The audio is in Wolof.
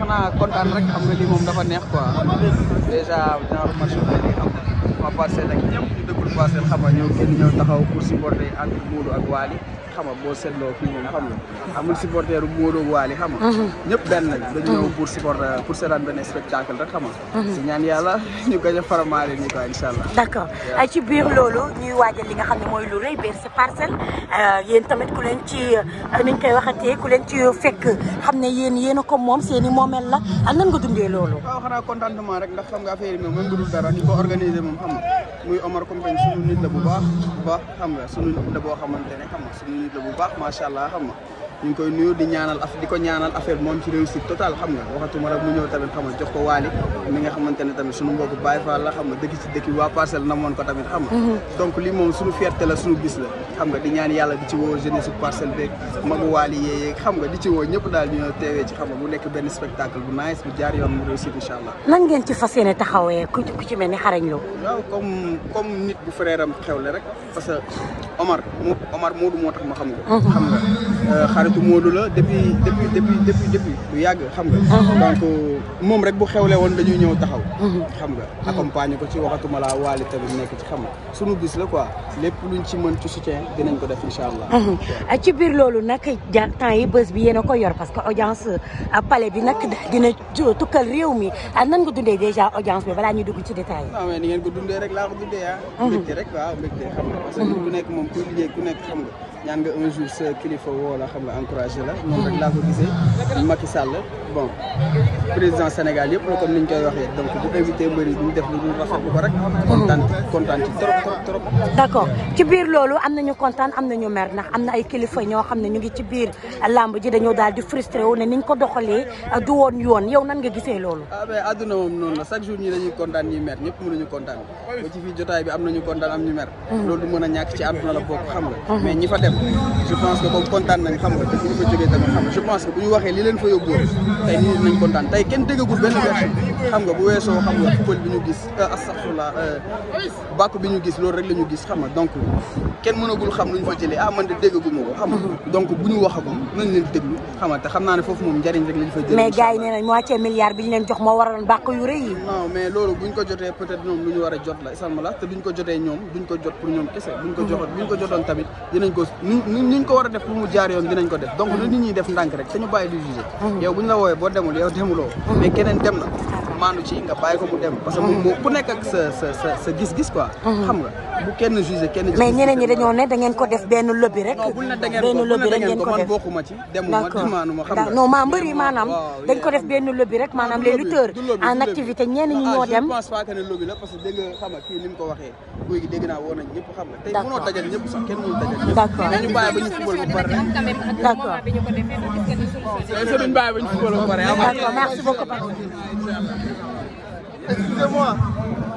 xanaa kontaan rek xam nga lii moom dafa neex quoi déjà genre match bi dañuy am ma parcelle ak ñëpp ñu dëkkul parcelle xam nga ñëw génn ñëw taxaw pour supporter entre Modou ak Waly xam nga boo seetloo fii moom xam nga amul supporter bu Modou Waly xam nga mhm. ñëpp benn lañ mhm. dañu ñëw pour supporter pour seetaan benn spectacle rek xam nga si mhm. ñaan yàlla ñu gañ a faramaale ñu ko incha allah d'accord ci biir loolu ñuy waajal li nga xam ne mooy lu rëy biir si parcelle euh, yéen tamit ku leen ci euh, niñ koy waxatee ku leen ci fekk xam ne yéen yéen a ko moom seen i moomeel la ah, nan nga dundee loolu waaw xanaa contentement rek ndax xam nga affaire yi moom même bu dul dara ñu ko organiser moom xam nga muy Omar Compagne suñu nit la bu baax bu baax xam nga suñu nit la boo xamante ne xam nga suñu jullit bu baax macha allah xam nga ñu ngi koy nuyu di ñaanal af di ko ñaanal affaire moom ci réussite totale xam nga waxatuma rek mu ñëw tamit xam nga jox ko waali mi nga xamante ne tamit suñu mbokk Baye Fall la xam nga dëkk ci dëkk bi waa parcelle namoon ko tamit xam nga mhm. donc lii moom suñu fierté la suñu bis la xam nga di ñaan yàlla di ci woo jeunesse parcelle beeg magu waali yeeyee xam nga di ci woo ñëpp daal ñu ñëw teewee ci xam nga mu nekk benn spectacle bu nice bu jaar yoon mu réussite incha allah nan ngeen ci fas yéene taxawee ku ci mel ni xarañ loo waaw comme comme nit bu frère am xewle rek parce que Omar Omar Moodu moo tax ma xam nga. Uh-huh. xam nga euh, xaritu Moodu la depuis depuis depuis depuis depuis lu yàgg xam nga. Uh-huh. donc moom rek bu xewle woon dañuy ñëw taxaw. Uh-huh. xam nga accompagner ko ci waxatuma laa waali tamit nekk ci xam nga sunu bis la quoi lépp luñ ci mën ci soutien ko def incha allah. ci loolu nag jar temps yi bés bi yéen a ko yor parce que audience euh, palais bi nag dina tukkal réew mi ah, nan nga dundee déjà audience bi balaa ñuy dugg ci détail yi. ni ngeen ko dundee rek laa ko dundee ah. mbégte rek waaw mbégte xam nga parce que ku nekk moom kuy liggéey ku nekk xam nga ñaan nga un jour sa kilifa woo la xam nga encouragé la. moom rek laa ko gisee Macky Sall. bon président Sénégal yëpp la comme ni ñu koy waxee donc bu invité mbëri duñu def lu dul rafetlu ko rek. kontaan kontaan ci trop trop trop. ci biir loolu am nañu kontaan am nañu mer ndax am na ay ñoo xam ne ñu ngi ci biir làmb ji ko doxalee euh, du woon yoon yow nan nga gisee ah, mer ñëpp mënuñu kontaan ba ci fii jotaay bi am nañu kontaan am ñu mer. Mm-hmm. loolu mën a ñàkk ci àdduna la bokk xam nga. Mm-hmm. mais ñi fa dem je pense que comme nañ xam nga te ñu fa jógee tamit xam nga je pense que bu ñu waxee li leen fa yóbbu tey nit ñi nañ kontaan tey kenn déggagul benn version xam nga bu weesoo xam nga fël bi ñu gis euh, astaghfirullah euh, bi ñu gis loolu rek la ñu gis xam donc kenn mënagul xam lu ñu fa jëlee ah man de déggaguma ko xam nga donc bu ñu waxagul nañ leen déglu xam nga te xam naa ne foofu moom njariñ rek la ñu fa jëlee mais gars yi nee nañ moitié milliard bi ñu leen jox moo waroon bàkk yu rëy yi mais loolu buñ ko jotee peut être ñoom lu ñu war a jot la isalma la te duñ ko jotee ñoom duñ ko jot pour ñoom kese buñ ko mm-hmm. joxoon ko jotoon tamit dinañ ko ñu ñu ko war a def pour mu jaar yoon dinañ ko def donc nit ñi def ndànk rek te ñu bàyyi di juger mm-hmm. yow buñ la woo woowee boo demul yow demuloo mais keneen dem na maandu ci nga bàyyi ko mu dem. parce que moom nekk sa gis-gis quoi. Mhm. xam nga bu kenn jugé kenn. mais ñeneen ñi dañoo ne da ko def benn lobby rek. benn lobby rek lobby rek maanaam les lutteurs en activité ah, ñenn ñi ñoo dem. je pense pas que ne lobby la parce que dégg nga xam ni mu ko waxee. guy gi dégg naa woo nañ xam nga tey mënoo dajal ñëpp sax kenn mënul dajal. d'accord Excusez-moi.